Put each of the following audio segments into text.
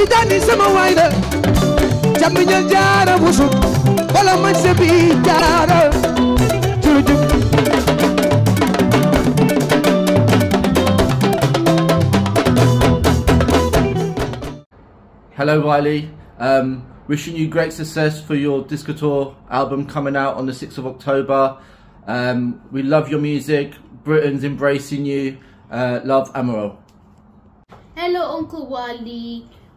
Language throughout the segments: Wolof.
tijani sama waay la jamiñal jaara busu wala man se bi jaara jurujub Hello Riley, um, wishing you great success for your Disco Tour album coming out on the 6th of October. Um, we love your music, Britain's embracing you, uh, love Amaral. Hello Uncle Wally,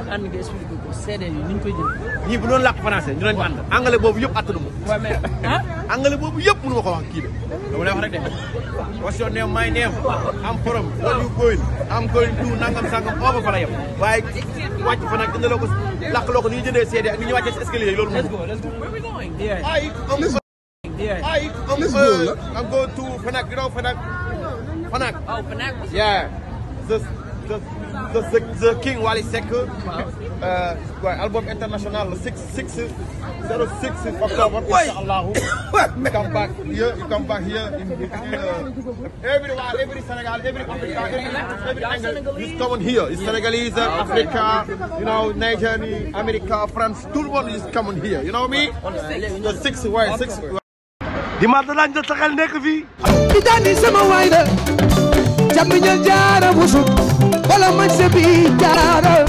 ak ànd nga expliqué ko CD yi ni ñu koy jël. ñii bu doon làkk français ñu doon ñu ànd. anglais boobu yëpp attanu ma. waaw mais ah. anglais boobu yëpp mënu ma ko wax kii de. dama lay wax rek de. what's your name my name. am forom. what you going. am going to nangam sangam foofu fa la yem. waaye wàcc fa nag dina la ko làkk loo ko ni ñu jëndee CD ak ni ñu wàccee si escalier yi loolu. let's go let's go. ay am am go to Fnac you know Fnac. Fnac. Oh, waaw Fnac. yeah. the the the king Wally Seck. waaw uh, album international la six six zero six octobre. incha allahu. you come back here you come back here in in everywhere uh, every Senegal every Africa every angle is coming here. is Senegalese ah, Africa you know Nigeria America France tout le monde is coming here you know me. the six waay six. dimanche danaa jot sa xel nekk fii. di daal di sama waay la. jàmm ña jaara busuk wala man se bi jaaro